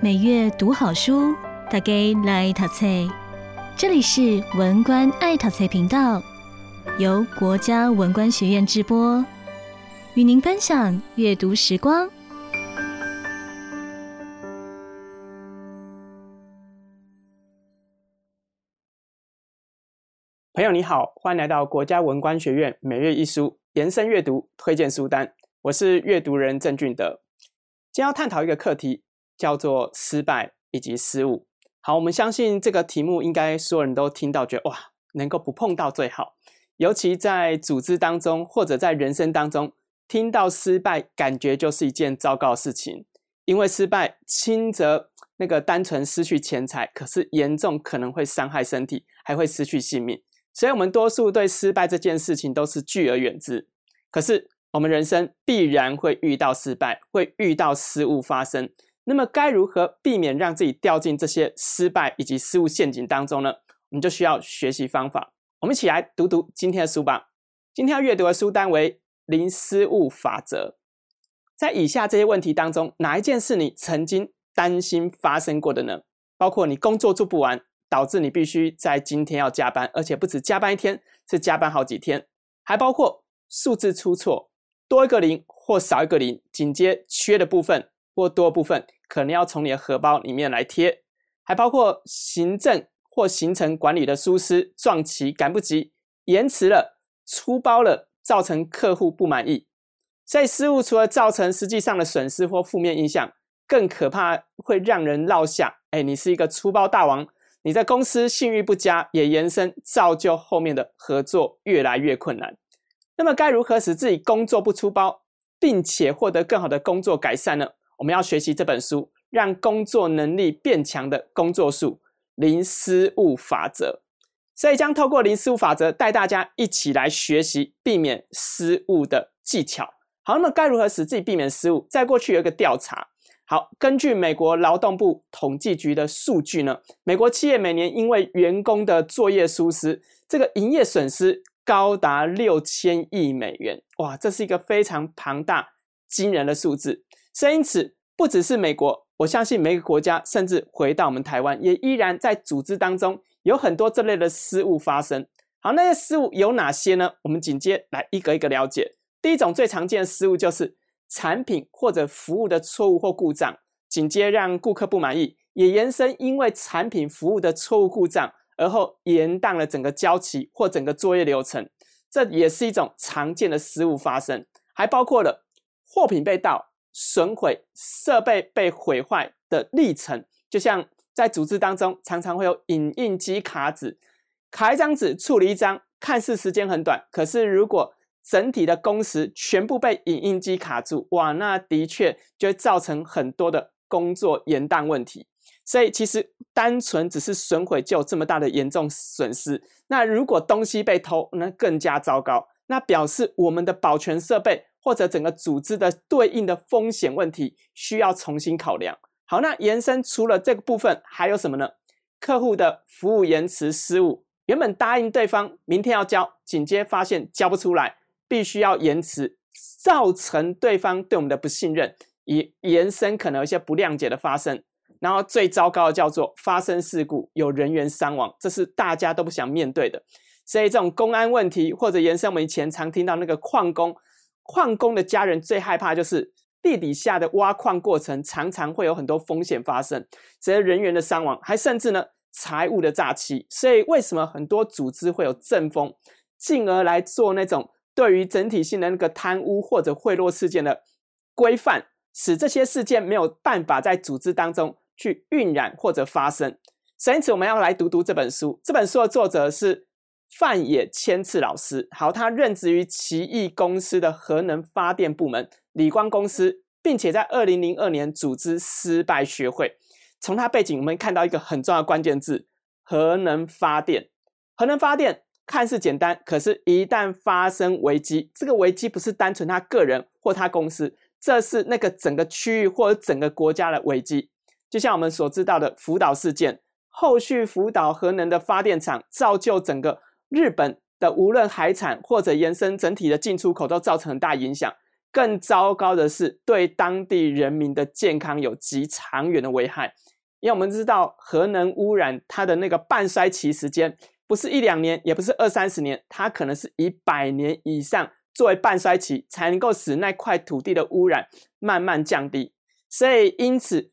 每月讀好書，大家來陶菜。這裡是文官愛他菜頻道，由國家文官學院直播，與您分享閱讀時光。朋友你好，歡迎來到國家文官學院每月一書延伸閱讀推薦書單。我是閱讀人鄭俊德，今天要探討一個課題。叫做失敗以及失誤。好，我們相信這個題目應該所有人都聽到，覺得哇，能夠不碰到最好。尤其在組織當中，或者在人生當中，聽到失敗，感覺就是一件糟糕的事情。因為失敗，輕則那個單純失去錢財，可是嚴重可能會傷害身體，還會失去性命。所以，我們多數對失敗這件事情都是拒而遠之。可是，我們人生必然會遇到失敗，會遇到失誤發生。那麼該如何避免讓自己掉進這些失敗以及失誤陷阱當中呢？我們就需要學習方法。我們一起來讀讀今天的書吧。今天要閱讀的書單為《零失誤法則》。在以下這些問題當中，哪一件是你曾經擔心發生過的呢？包括你工作做不完，導致你必須在今天要加班，而且不止加班一天，是加班好幾天。還包括數字出錯，多一個零或少一個零，緊接缺的部分。過多部分可能要從你的荷包裡面來貼，還包括行政或行程管理的疏失、撞期、趕不及、延遲了、出包了，造成客戶不滿意。所以失誤除了造成實際上的損失或負面影響，更可怕會讓人落下。哎、欸，你是一個出包大王，你在公司信譽不佳，也延伸造就後面的合作越來越困難。那麼該如何使自己工作不出包，並且獲得更好的工作改善呢？我們要學習這本書，讓工作能力變強的工作術——零失誤法則。所以，將透過零失誤法則帶大家一起來學習避免失誤的技巧。好，那麼該如何使自己避免失誤？在過去有一個調查，好，根據美國勞動部統計局的數據呢，美國企業每年因為員工的作業疏失，這個營業損失高達六千億美元。哇，這是一個非常龐大、驚人的數字。所以，因此不只是美國，我相信每個國家，甚至回到我們台灣，也依然在組織當中有很多這類的失誤發生。好，那些失誤有哪些呢？我們緊接來一個一個了解。第一種最常見的失誤就是產品或者服務的錯誤或故障，緊接讓顧客不滿意，也延伸因為產品服務的錯誤故障，而後延宕了整個交期或整個作業流程。這也是一種常見的失誤發生，還包括了貨品被盜。損毀設備被毀壞的歷程，就像在組織當中常常會有影印機卡紙，卡一張紙處理一張，看似時間很短，可是如果整體的工時全部被影印機卡住，哇，那的確就會造成很多的工作延宕問題。所以其實單純只是損毀就這麼大的嚴重損失。那如果東西被偷，那更加糟糕，那表示我們的保全設備。或者整個組織的對應的風險問題需要重新考量。好，那延伸除了這個部分，還有什麼呢？客戶的服務延遲失誤，原本答應對方明天要交，緊接發現交不出來，必須要延遲，造成對方對我們的不信任，也延伸可能有一些不諒解的發生。然後最糟糕的叫做發生事故，有人員傷亡，這是大家都不想面對的。所以這種公安問題或者延伸，我們以前常聽到那個礦工。礦工的家人最害怕就是地底下的挖礦過程，常常會有很多風險發生，使得人員的傷亡，還甚至呢財務的詐欺。所以為什麼很多組織會有政風，進而來做那種對於整體性的那個貪污或者賄賂事件的規範，使這些事件沒有辦法在組織當中去暈染或者發生。所以因此我們要來讀讀這本書，這本書的作者是，飯野謙次老師，好，他任職於奇異公司的核能發電部門——理光公司，並且在2002年組織失敗學會。從他背景，我們看到一個很重要的關鍵字：核能發電。核能發電看似簡單，可是一旦發生危機，這個危機不是單純他個人或他公司，這是那個整個區域或者整個國家的危機。就像我們所知道的福島事件，後續福島核能的發電廠造就整個。日本的無論海產或者延伸整體的進出口都造成很大影響。更糟糕的是，對當地人民的健康有極長遠的危害。因為我們知道核能污染，它的那個半衰期時間不是一兩年，也不是二三十年，它可能是以百年以上作為半衰期，才能夠使那塊土地的污染慢慢降低。所以，因此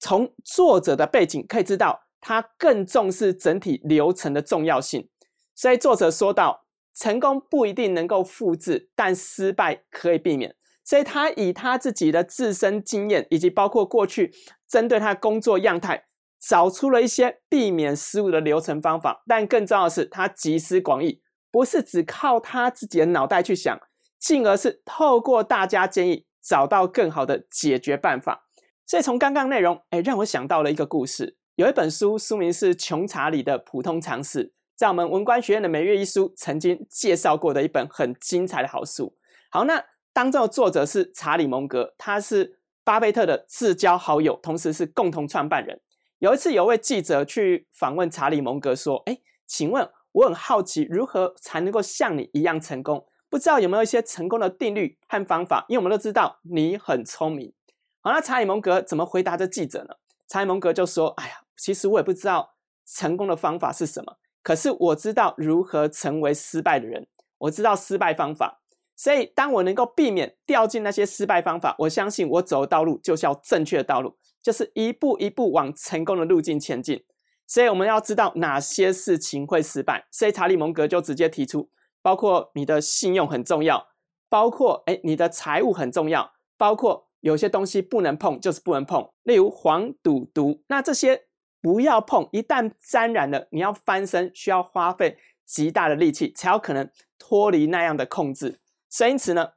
從作者的背景可以知道，他更重視整體流程的重要性。所以作者說到，成功不一定能夠複製，但失敗可以避免。所以他以他自己的自身經驗，以及包括過去針對他的工作樣態，找出了一些避免失誤的流程方法。但更重要的是，他集思廣益，不是只靠他自己的腦袋去想，進而是透過大家建議，找到更好的解決辦法。所以從剛剛內容，誒、哎，讓我想到了一個故事，有一本書，書名是《窮查理的普通常識》。我們文官學院的每月一書曾經介紹過的一本很精彩的好書。好，那當中的作者是查理蒙格，他是巴菲特的至交好友，同時是共同創辦人。有一次，有位記者去訪問查理蒙格，說：“哎，請問我很好奇，如何才能夠像你一樣成功？不知道有沒有一些成功的定律和方法？因為我們都知道你很聰明。”好，那查理蒙格怎麼回答這記者呢？查理蒙格就說：“哎呀，其實我也不知道成功的方法是什麼。”可是我知道如何成為失敗的人，我知道失敗方法，所以當我能夠避免掉進那些失敗方法，我相信我走的道路就是要正確的道路，就是一步一步往成功的路徑前進。所以我們要知道哪些事情會失敗，所以查理蒙格就直接提出，包括你的信用很重要，包括誒你的財務很重要，包括有些東西不能碰，就是不能碰，例如黃賭毒，那這些。不要碰，一旦沾染了，你要翻身需要花費極大的力氣，才有可能脫離那樣的控制。所以，因此呢，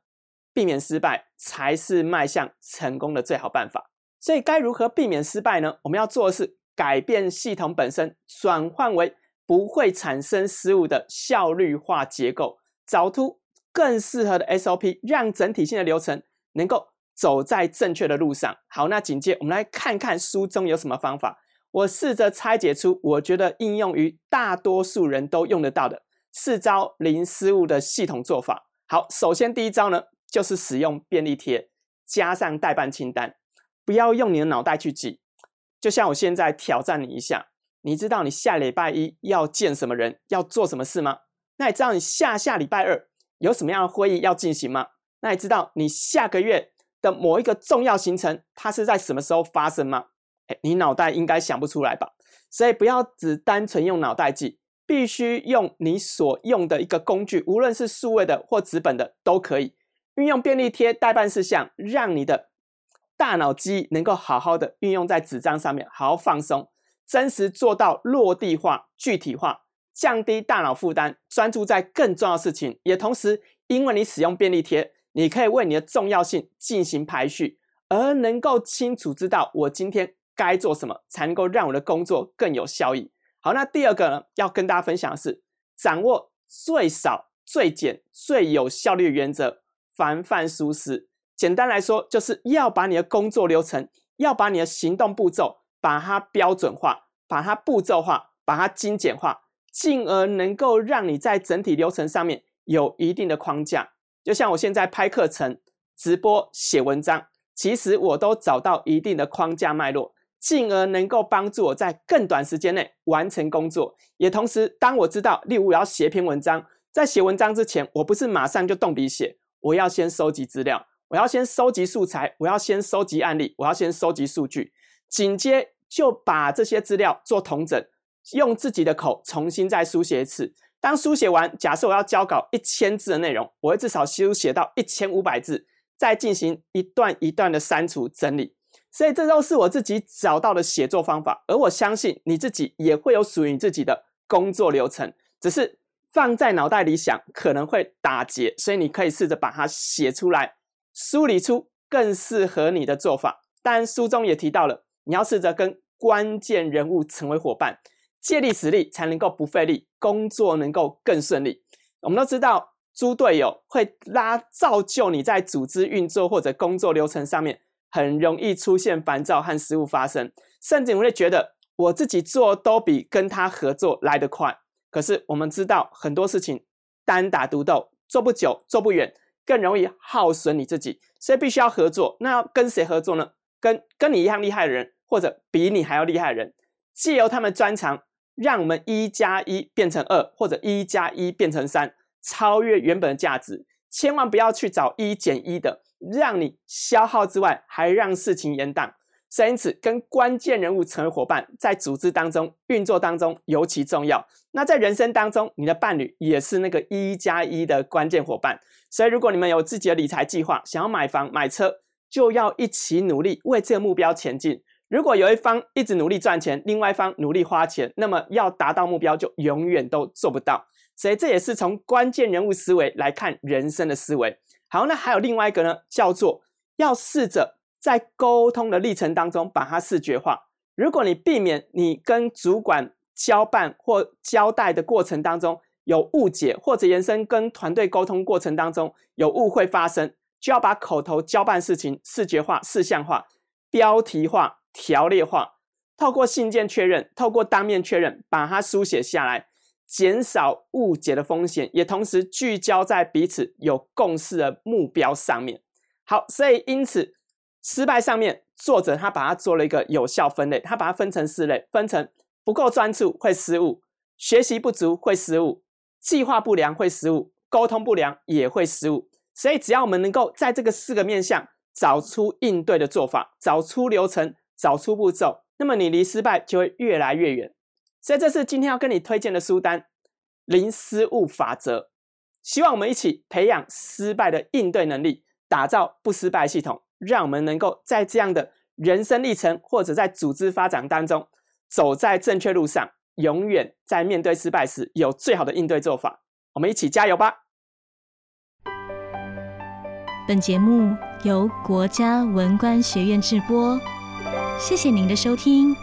避免失敗才是邁向成功的最好辦法。所以，該如何避免失敗呢？我們要做的是改變系統本身，轉換為不會產生失誤的效率化結構，找出更適合的 SOP，讓整體性的流程能夠走在正確的路上。好，那緊接我們來看看書中有什麼方法。我試着拆解出我覺得應用於大多數人都用得到的四招零失誤的系統做法。好，首先第一招呢，就是使用便利貼，加上待辦清單，不要用你的腦袋去記。就像我現在挑戰你一下，你知道你下禮拜一要見什麼人，要做什麼事嗎？那你知道你下下禮拜二有什麼樣的會議要進行嗎？那你知道你下個月的某一個重要行程，它是在什麼時候發生嗎？哎，你腦袋應該想不出來吧？所以不要只單純用腦袋記，必須用你所用的一個工具，無論是數位的或紙本的都可以。運用便利貼待辦事項，讓你的大腦記憶能夠好好的運用在紙張上面，好好放鬆，真實做到落地化、具體化，降低大腦負擔，專注在更重要的事情。也同時，因為你使用便利貼，你可以為你的重要性進行排序，而能夠清楚知道我今天該做什麼才能夠讓我的工作更有效益？好，那第二個呢，要跟大家分享的是掌握最少、最簡、最有效率的原則，防範疏失。簡單來說，就是要把你的工作流程，要把你的行動步驟，把它標準化，把它步驟化，把它精簡化，進而能夠讓你在整體流程上面有一定的框架。就像我現在拍課程、直播、寫文章，其實我都找到一定的框架脈絡。進而能夠幫助我在更短時間內完成工作，也同時，當我知道，例如我要寫篇文章，在寫文章之前，我不是馬上就動筆寫，我要先收集資料，我要先收集素材，我要先收集案例，我要先收集數據，緊接就把這些資料做統整，用自己的口重新再書寫一次。當書寫完，假設我要交稿一千字的內容，我會至少修寫到一千五百字，再進行一段一段的刪除整理。所以這都是我自己找到的寫作方法，而我相信你自己也會有屬於你自己的工作流程，只是放在腦袋裡想可能會打結，所以你可以試着把它寫出來，梳理出更適合你的做法。但書中也提到了，你要試着跟關鍵人物成為夥伴，借力使力才能夠不費力，工作能夠更順利。我們都知道，豬隊友會拉造就你在組織運作或者工作流程上面。很容易出現煩躁和失誤發生，甚至你會覺得我自己做都比跟他合作來得快。可是我們知道很多事情單打獨鬥做不久、做不遠，更容易耗損你自己，所以必須要合作。那要跟誰合作呢？跟跟你一樣厲害的人，或者比你還要厲害的人，借由他們專長，讓我們一加一變成二，或者一加一變成三，超越原本的價值。千萬不要去找一減一的。讓你消耗之外，還讓事情延宕，所以因此跟關鍵人物成為夥伴，在組織當中運作當中尤其重要。那在人生當中，你的伴侶也是那個一加一的關鍵夥伴。所以，如果你們有自己的理財計劃，想要買房買車，就要一起努力為這個目標前進。如果有一方一直努力賺錢，另外一方努力花錢，那麼要達到目標就永遠都做不到。所以，這也是從關鍵人物思維來看人生的思維。好，那還有另外一個呢，叫做要試着在溝通的歷程當中把它視覺化。如果你避免你跟主管交辦或交代的過程當中有誤解，或者延伸跟團隊溝通過程當中有誤會發生，就要把口頭交辦事情視覺化、事項化、標題化、條列化，透過信件確認，透過當面確認，把它書寫下來。減少誤解的風險，也同時聚焦在彼此有共識的目標上面。好，所以因此失敗上面，作者他把它做了一個有效分類，他把它分成四類：分成不夠專注會失誤、學習不足會失誤、計劃不良會失誤、溝通不良也會失誤。所以只要我們能夠在這個四個面向找出應對的做法、找出流程、找出步驟，那麼你離失敗就會越來越遠。這就是今天要跟你推薦的書單《零失誤法則》，希望我們一起培養失敗的應對能力，打造不失敗系統，讓我們能夠在這樣的人生歷程或者在組織發展當中，走在正確路上，永遠在面對失敗時有最好的應對做法。我們一起加油吧！本節目由國家文官學院製播，謝謝您的收聽。